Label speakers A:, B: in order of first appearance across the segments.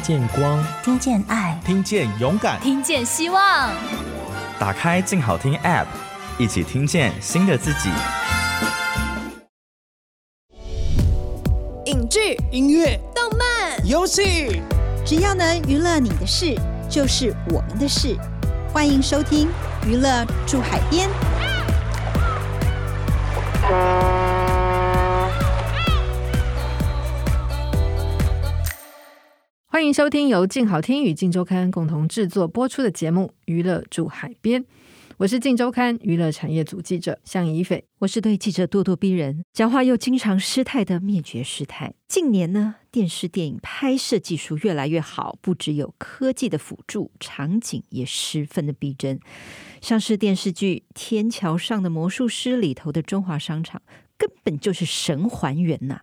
A: 聽見光，
B: 聽見愛，
A: 聽見勇敢，
B: 聽見希
C: 望。
A: 打開“靜好聽 ”App，一起聽見新的自己。
C: 影劇、音樂、動
B: 漫、遊戲，只要能娛樂你的事，就是我們的事。歡迎收聽《娛樂住海邊》啊。啊啊啊啊
C: 歡迎收聽由鏡好聽與鏡週刊共同製作播出的節目《娛樂住海邊》，我是鏡週刊娛樂產業組記者向怡斐。我是對
B: 記者咄咄逼人、講話又經常失態的滅絕師太。近年呢，電視電影拍攝技術越來越好，不只有科技的輔助，場景也十分的逼真。像是電視劇《天橋上的魔術師》裡頭的中華商場，根本就是神還原吶、啊！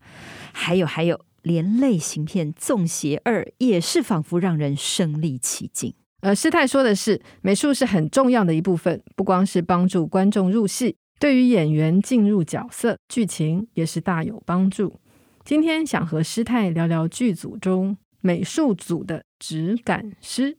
B: 還有還有。連類型片
C: 縱邪二也是仿佛讓人身歷其境。而師太說的是，美術是很重要的一部分，不光是幫助觀眾入戲，對於演員進入角色、劇情也是大有幫助。今天想和師太聊聊劇組中美術組的質感師。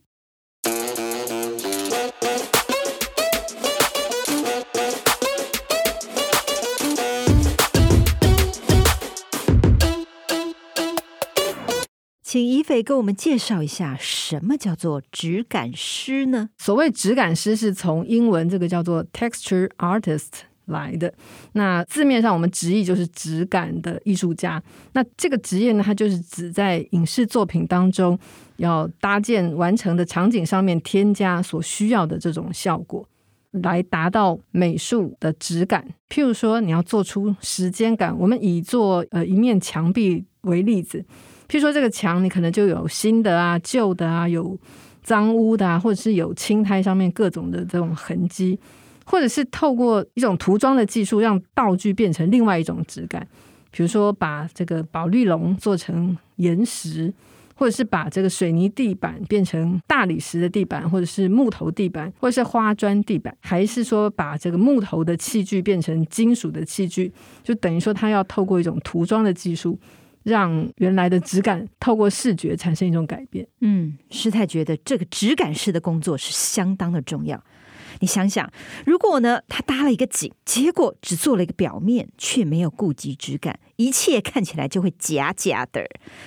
B: 請以斐給我們介紹一下，什麼叫做質感師呢？所謂
C: 質感師是從英文這個叫做 texture artist 來的。那字面上我們直譯就是質感的藝術家。那這個職業呢，它就是指在影視作品當中要搭建完成的場景上面，添加所需要的這種效果，來達到美術的質感。譬如說，你要做出時間感，我們以做呃一面牆壁為例子。據說這個牆你可能就有新的啊、舊的啊、有髒污的啊，或者是有青苔上面各種的這種痕跡，或者是透過一種塗裝的技術，讓道具變成另外一種質感。比如說，把這個保麗龍做成岩石，或者是把這個水泥地板變成大理石的地板，或者是木頭地板，或者是花磚地板，還是說把這個木頭的器具變成金屬的器具，就等於說它要透過一種塗裝的技術。讓原來的質感透過視覺產生一種改變。嗯，師太覺得這個質感師的工作是相
B: 當的重要。你想想，如果呢，他搭了一個景，結果只做了一個表面，卻沒有顧及質感，一切看起來就會假假的，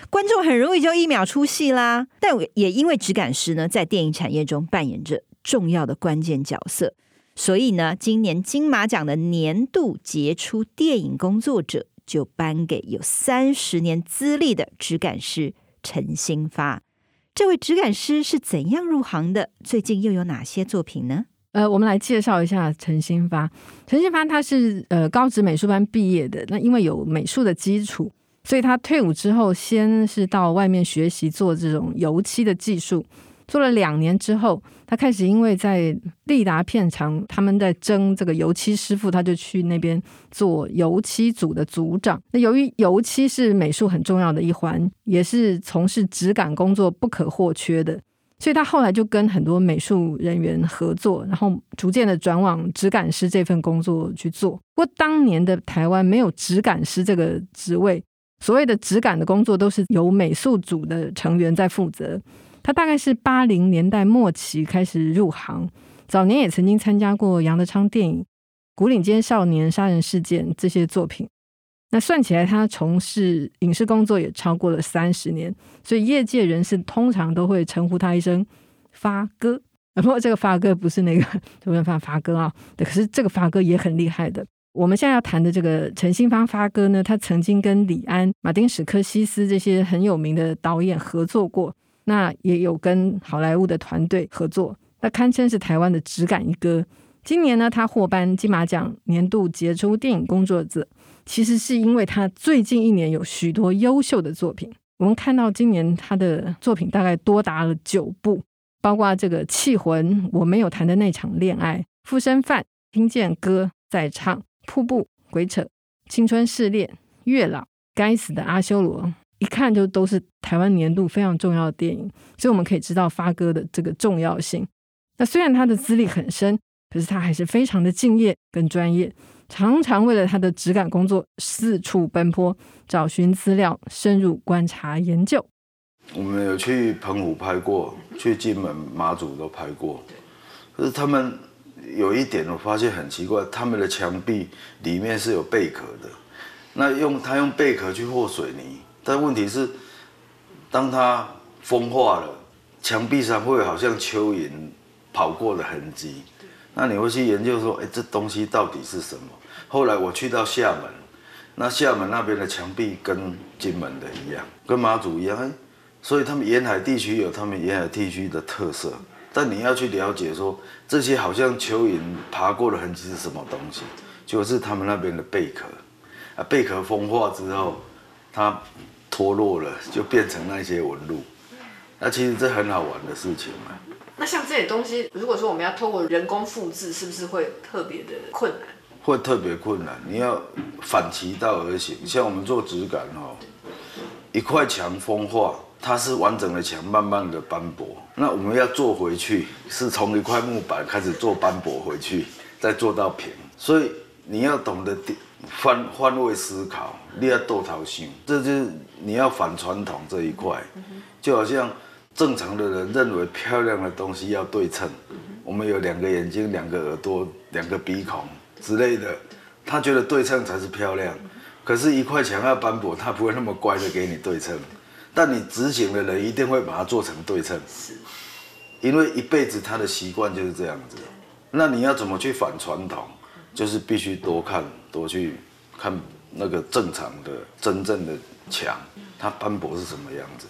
B: 觀眾很容易就一秒出戲啦。但也因為質感師呢，在電影產業中扮演着重要的關鍵角色，所以呢，今年金馬獎的年度傑出電影工作者。就頒給有三十年資歷的質感師陳新發。這位質感師是怎樣入行的？最近又有哪些
C: 作品呢？呃，我們來介紹一下陳新發。陳新發他是呃高職美術班畢業的，那因為有美術的基礎，所以他退伍之後先是到外面學習做這種油漆的技術。做了兩年之後，他開始因為在利達片場，他們在徵這個油漆師傅，他就去那邊做油漆組的組長。那由於油漆是美術很重要的一環，也是從事質感工作不可或缺的，所以他後來就跟很多美術人員合作，然後逐漸的轉往質感師這份工作去做。不過當年的台灣沒有質感師這個職位，所謂的質感的工作都是由美術組的成員在負責。他大概是八零年代末期開始入行，早年也曾經參加過楊德昌電影《牯嶺街少年殺人事件》這些作品。那算起來，他從事影視工作也超過了三十年，所以業界人士通常都會稱呼他一聲“發哥”。不、嗯、過，這個“發哥”不是那個周潤發“發哥啊”啊，可是這個“發哥”也很厲害的。我們現在要談的這個陳新發“發哥”呢，他曾經跟李安、馬丁·史科西斯這些很有名的導演合作過。那也有跟好萊塢的團隊合作，那堪稱是台灣的質感一哥。今年呢，他獲頒金馬獎年度傑出電影工作者，其實是因為他最近一年有許多優秀的作品。我們看到今年他的作品大概多達了九部，包括這個《緝魂》，我沒有談的那場戀愛，《複身犯》，聽見歌再唱，《瀑布》，鬼扯，《青春弒戀》，《月老》，該死的阿修羅。一看就都是台灣年度非常重要的電影，所以我們可以知道發哥的這個重要性。那雖然他的資歷很深，可是他還是非常的敬業跟專業，常常為了他的質感工作四處奔波，找尋資料，深入觀察研究。
A: 我們有去澎湖拍過，去金門、馬祖都拍過。可是他們有一點，我發現很奇怪，他們的牆壁裡面是有貝殼的。那用他用貝殼去和水泥。但問題是，當它風化了，牆壁上會有好像蚯蚓跑過的痕跡。那你會去研究說，哎，這東西到底是什麼？後來我去到廈門，那廈門那邊的牆壁跟金門的一樣，跟馬祖一樣。所以他們沿海地區有他們沿海地區的特色。但你要去了解說，這些好像蚯蚓爬過的痕跡是什麼東西？就是他們那邊的貝殼。啊，貝殼風化之後，它。脫落了就變成那些紋路，嗯、那其實這很好玩的事情嘛、啊。
C: 那像這些東西，如果說我們要透過人工複製，是不是會特別的困
A: 難？會特別困難。你要反其道而行，像我們做質感哦、喔，對一塊牆風化，它是完整的牆，慢慢的斑駁。那我們要做回去，是從一塊木板開始做斑駁回去，再做到平。所以你要懂得。換換位思考，你要多掏心，這就是你要反傳統這一塊。嗯、哼就好像正常的人認為漂亮的東西要對稱，嗯、哼我們有兩個眼睛、兩個耳朵、兩個鼻孔之類的，他覺得對稱才是漂亮。嗯、哼可是，一塊牆要斑駁，他不會那麼乖的給你對稱。嗯、哼但你執行的人一定會把它做成對稱，是，因為一輩子他的習慣就是這樣子。對那你要怎麼去反傳統？嗯、哼就是必須多看。嗯我去看那個正常的、真正的牆，它斑駁是什麼樣子？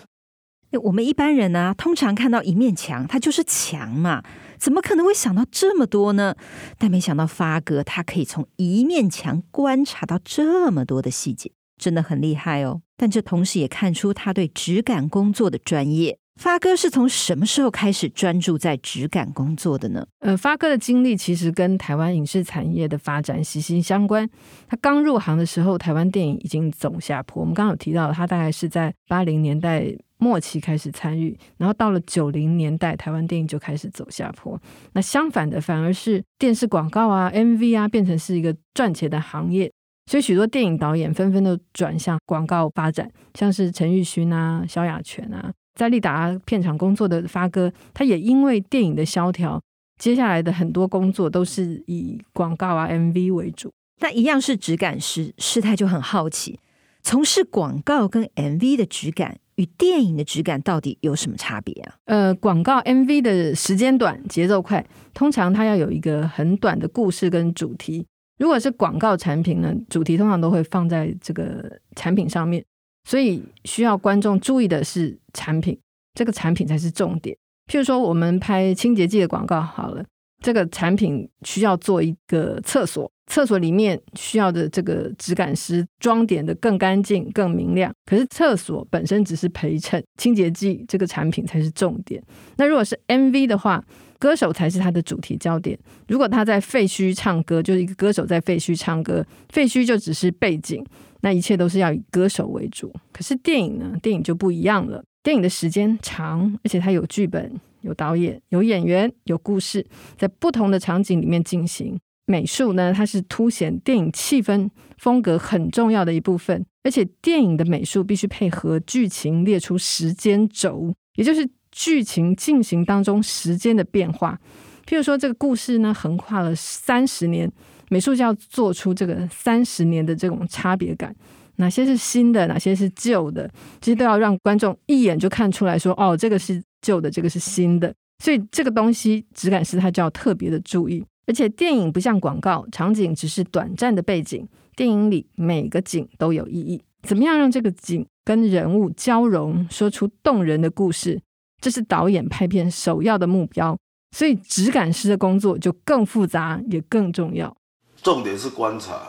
B: 我們一般人呢、啊，通常看到一面牆，它就是牆嘛，怎麼可能會想到這麼多呢？但沒想到發哥他可以從一面牆觀察到這麼多的細節，真的很厲害哦。但這同時也看出他對質感工作的專業。發哥是從什麼時候開始專注在質感工作的呢？
C: 呃，發哥的經歷其實跟台灣影視產業的發展息息相關。他剛入行的時候，台灣電影已經走下坡。我們剛剛有提到，他大概是在八零年代末期開始參與，然後到了九零年代，台灣電影就開始走下坡。那相反的，反而是電視廣告啊、MV 啊，變成是一個賺錢的行業。所以許多電影導演紛紛都轉向廣告發展，像是陳玉勳啊、蕭雅全啊。在利達片場工作的發哥，他也因為電影的蕭條，接下來的很多工作都是以廣告啊、MV 為主。那一樣是質感
B: 師，師太就很好奇，從事廣告跟 MV 的質感與電影的質感到底有什麼差別啊？
C: 呃，廣告 MV 的時間短，節奏快，通常它要有一個很短的故事跟主題。如果是廣告產品呢，主題通常都會放在這個產品上面。所以需要觀眾注意的是，產品這個產品才是重點。譬如說，我們拍清潔劑的廣告好了，這個產品需要做一個廁所，廁所裡面需要的這個質感師裝點的更乾淨、更明亮。可是廁所本身只是陪襯，清潔劑這個產品才是重點。那如果是 MV 的話，歌手才是它的主題焦點。如果他在廢墟唱歌，就是一個歌手在廢墟唱歌，廢墟就只是背景。那一切都是要以歌手為主，可是電影呢？電影就不一樣了。電影的時間長，而且它有劇本、有導演、有演員、有故事，在不同的場景裡面進行。美術呢，它是凸顯電影氣氛、風格很重要的一部分，而且電影的美術必須配合劇情，列出時間軸，也就是劇情進行當中時間的變化。譬如說，這個故事呢，橫跨了三十年。美術就要做出這個三十年的這種差別感，哪些是新的，哪些是舊的，其實都要讓觀眾一眼就看出來說，哦，這個是舊的，這個是新的。所以這個東西，質感師他就要特別的注意。而且電影不像廣告，場景只是短暫的背景，電影裡每個景都有意義。怎麼樣讓這個景跟人物交融，說出動人的故事？這是導演拍片首要的目標。所以質感師的工作就更複雜，也更重要。
A: 重點是觀察，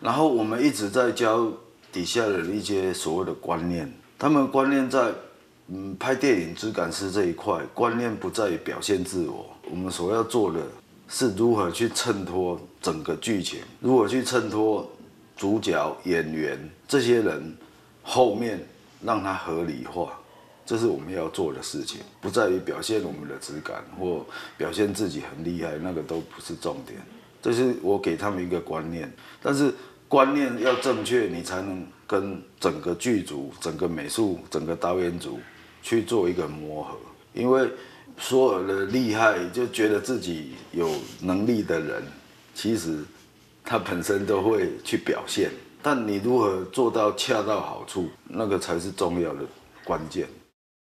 A: 然後，我們一直在教底下的一些所謂的觀念。他們觀念在，嗯，拍電影質感是這一塊，觀念不在於表現自我。我們所要做的，是如何去襯托整個劇情，如何去襯托主角、演員這些人後面，讓他合理化，這是我們要做的事情。不在於表現我們的質感，或表現自己很厲害，那個都不是重點。這是我給他們一個觀念，但是觀念要正確，你才能跟整個劇組、整個美術、整個導演組去做一個磨合。因為所有的厲害就覺得自己有能力的人，其實他本身都會去表現，但你如何做到恰到好處，那個才是重要的關鍵。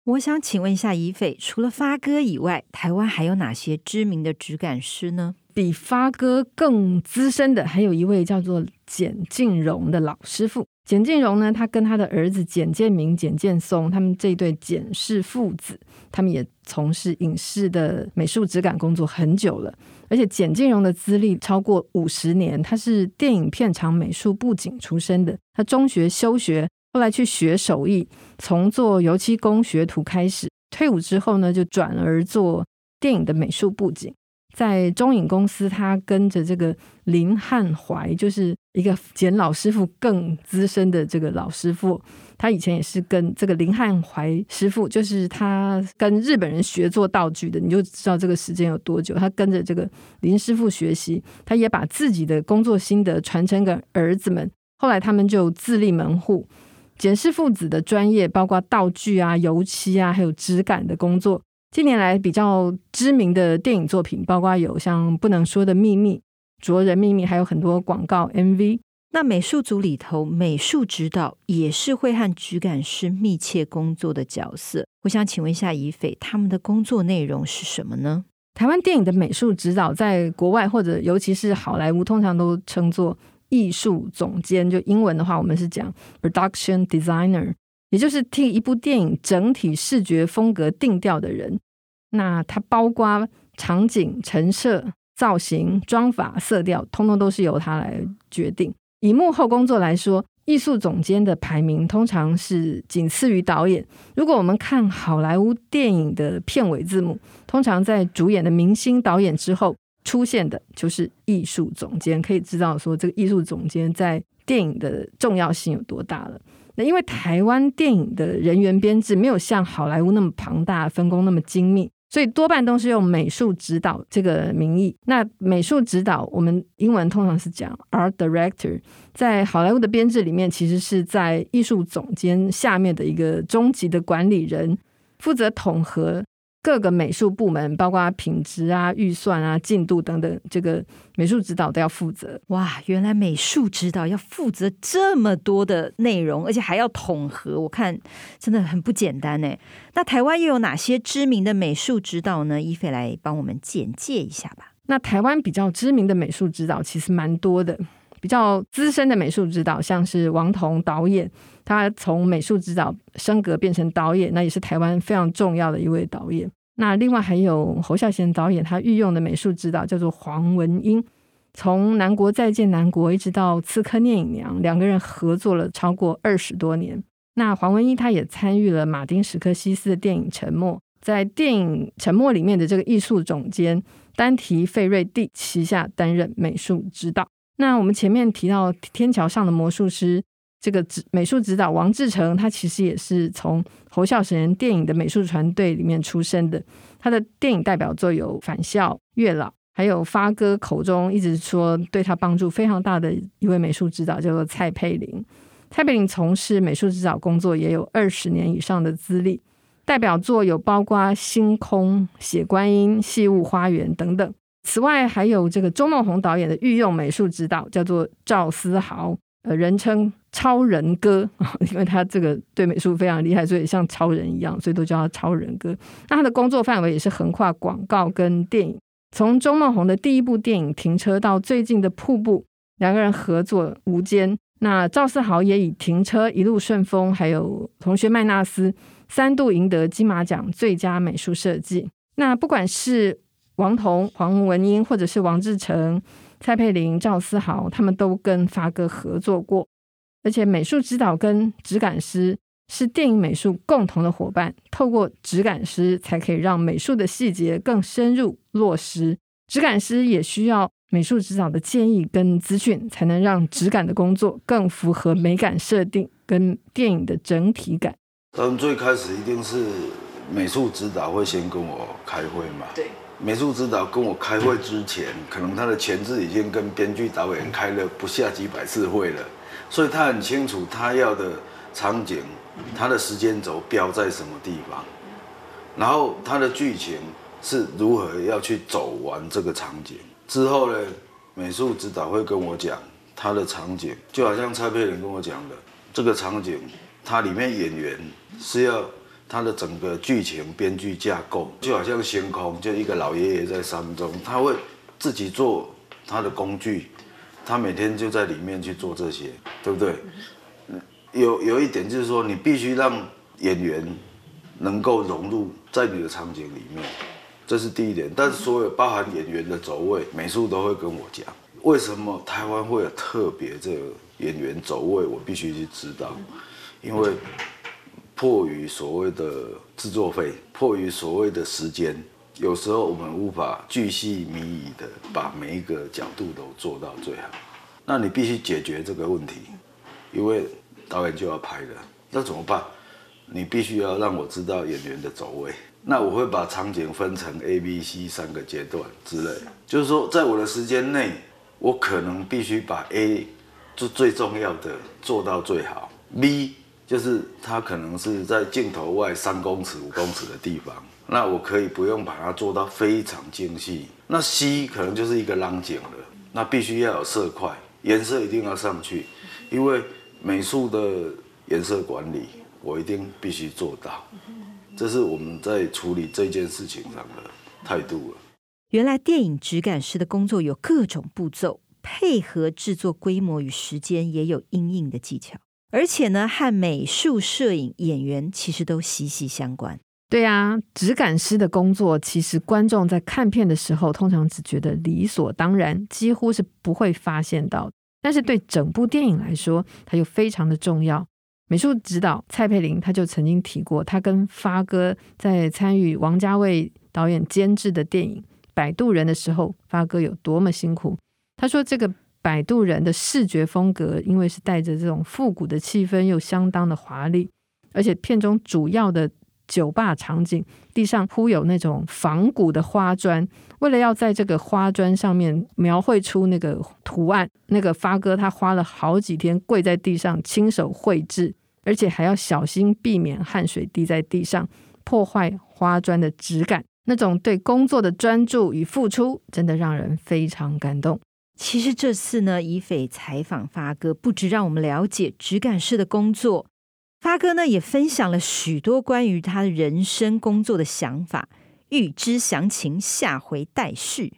B: 我想請問一下非，亦非除了發哥以外，台灣還有哪些知名的質
C: 感師呢？比發哥更資深的，還有一位叫做簡進榮的老師傅。簡進榮呢，他跟他的兒子簡建明、簡建松，他們這一對簡氏父子，他們也從事影視的美術質感工作很久了。而且簡進榮的資歷超過五十年，他是電影片場美術布景出身的。他中學休學，後來去學手藝，從做油漆工學徒開始。退伍之後呢，就轉而做電影的美術布景。在中影公司，他跟着這個林漢懷，就是一個簡老師傅更資深的這個老師傅。他以前也是跟這個林漢懷師傅，就是他跟日本人學做道具的。你就知道這個時間有多久，他跟着這個林師傅學習，他也把自己的工作心得傳承給兒子們。後來他們就自立門戶，簡氏父子的專業包括道具啊、油漆啊，還有質感的工作。近年來比較知名的電影作品，包括有像《不能說的秘密》、《灼人秘密》，還有很多廣告 MV。那美
B: 術組裡頭，美術指導也是會和質感師密切工作的角色。我想請問一下，一斐他們的工作內容是什麼呢？台灣電影的美術
C: 指導，在國外或者尤其是好萊塢，通常都稱作藝術總監。就英文的話，我們是講 Production Designer。也就是替一部電影整體視覺風格定調的人，那他包括場景陳設、造型、妝髮、色調，通通都是由他來決定。以幕後工作來說，藝術總監的排名通常是僅次於導演。如果我們看好萊塢電影的片尾字幕，通常在主演的明星、導演之後出現的就是藝術總監，可以知道說這個藝術總監在電影的重要性有多大了。那因為台灣電影的人員編制沒有像好萊塢那麼龐大，分工那麼精密，所以多半都是用美術指導這個名義。那美術指導，我們英文通常是講 Art Director，在好萊塢的編制裡面，其實是在藝術總監下面的一個中級的管理人，負責統合。各個美術部門，包括品質啊、預算啊、進度等等，這個美術指導都要負責。哇，原來美術指導要負
B: 責這麼多的內容，而且還要統合，我看真的很不簡單呢。那台灣又有哪些知名的美術指導呢？一菲來幫我們簡介一下
C: 吧。那台灣比較知名的美術指導其實蠻多的。比較資深的美術指導，像是王童導演，他從美術指導升格變成導演，那也是台灣非常重要的一位導演。那另外還有侯孝賢導演，他御用的美術指導叫做黃文英，從《南國再見南國》一直到《刺客聶隱娘》，兩個人合作了超過二十多年。那黃文英他也參與了馬丁·史科西斯的電影《沉默》，在電影《沉默》裡面的這個藝術總監丹提費瑞蒂旗下擔任美術指導。那我們前面提到天橋上的魔術師這個指美術指導王志成，他其實也是從侯孝賢電影的美術團隊裡面出身的。他的電影代表作有《返校》《月老》，還有發哥口中一直說對他幫助非常大的一位美術指導叫做蔡佩玲。蔡佩玲從事美術指導工作也有二十年以上的資歷，代表作有包括《星空》《血觀音》《戲物花園》等等。此外，還有這個鍾孟宏導演的御用美術指導，叫做趙思豪，呃，人稱“超人哥”，因為他這個對美術非常厲害，所以像超人一樣，所以都叫他“超人哥”。那他的工作範圍也是橫跨廣告跟電影，從鍾孟宏的第一部電影《停車》到最近的《瀑布》，兩個人合作無間。那趙思豪也以《停車》一路順風，還有《同學麥娜絲》三度贏得金馬獎最佳美術設計。那不管是王童、黃文英，或者是王志成、蔡佩玲、趙思豪，他們都跟發哥合作過。而且美術指導跟質感師是電影美術共同的夥伴，透過質感師才可以讓美術的細節更深入落實。質感師也需要美術指導的建議跟資訊，才能讓質感的工作更符合美感設定跟電影的整體感。
A: 但最開始一定是美術指導會先跟我開會嘛？對美術指導跟我開會之前，可能他的前置已經跟編劇導演開了不下幾百次會了，所以他很清楚他要的場景，他的時間軸標在什麼地方，然後他的劇情是如何要去走完這個場景。之後呢，美術指導會跟我講他的場景，就好像蔡佩林跟我講的，這個場景它裡面演員是要。他的整個劇情、編劇架構，就好像星空，就一個老爺爺在山中，他會自己做他的工具，他每天就在裡面去做這些，對不對？有有一點就是說，你必須讓演員能夠融入在你的場景裡面，這是第一點。但是所有包含演員的走位，美術都會跟我講，為什麼台灣會有特別這個演員走位，我必須去知道，因為。迫於所謂的制作費，迫於所謂的時間，有時候我們無法巨細靡遺的把每一個角度都做到最好。那你必須解決這個問題，因為導演就要拍了。那怎麼辦？你必須要讓我知道演員的走位。那我會把場景分成 A、B、C 三個階段之類，就是說在我的時間內，我可能必須把 A 最重要的做到最好，B。就是它可能是在鏡頭外三公尺、五公尺的地方，那我可以不用把它做到非常精細。那 C 可能就是一個浪景了，那必須要有色塊，顏色一定要上去，因為美術的顏色管理我一定必須做到，這是我們在處理這件事情上的態度了。
B: 原來電影質感師的工作有各種步驟，配合制作規模與時間，也有應用的技巧。而且呢，和美術、攝影、演員其實都息息相關。
C: 對啊，質感師的工作，其實觀眾在看片的時候，通常只覺得理所當然，幾乎是不會發現到。但是對整部電影來說，它又非常的重要。美術指導蔡佩玲，他就曾經提過，他跟發哥在參與王家衛導演監制的電影《擺渡人》的時候，發哥有多麼辛苦。他說這個。擺渡人的視覺風格，因為是帶着這種復古的氣氛，又相當的華麗，而且片中主要的酒吧場景，地上鋪有那種仿古的花磚。為了要在這個花磚上面描繪出那個圖案，那個發哥他花了好幾天跪在地上親手繪製，而且還要小心避免汗水滴在地上破壞花磚的質感。那種對工作的專注與付出，真的讓人非常感動。
B: 其實這次呢，以斐採訪發哥，不止讓我們了解質感師的工作，發哥呢也分享了許多關於他人生工作的想法。欲知詳情，下回待續。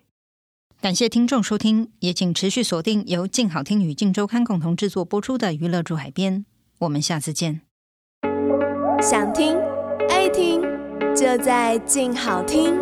B: 感謝聽眾收聽，也請持續鎖定由靜好聽與靜週刊共同製作播出的《娛樂駐海邊》，我們下次見。
C: 想聽愛
A: 聽，就在靜好聽。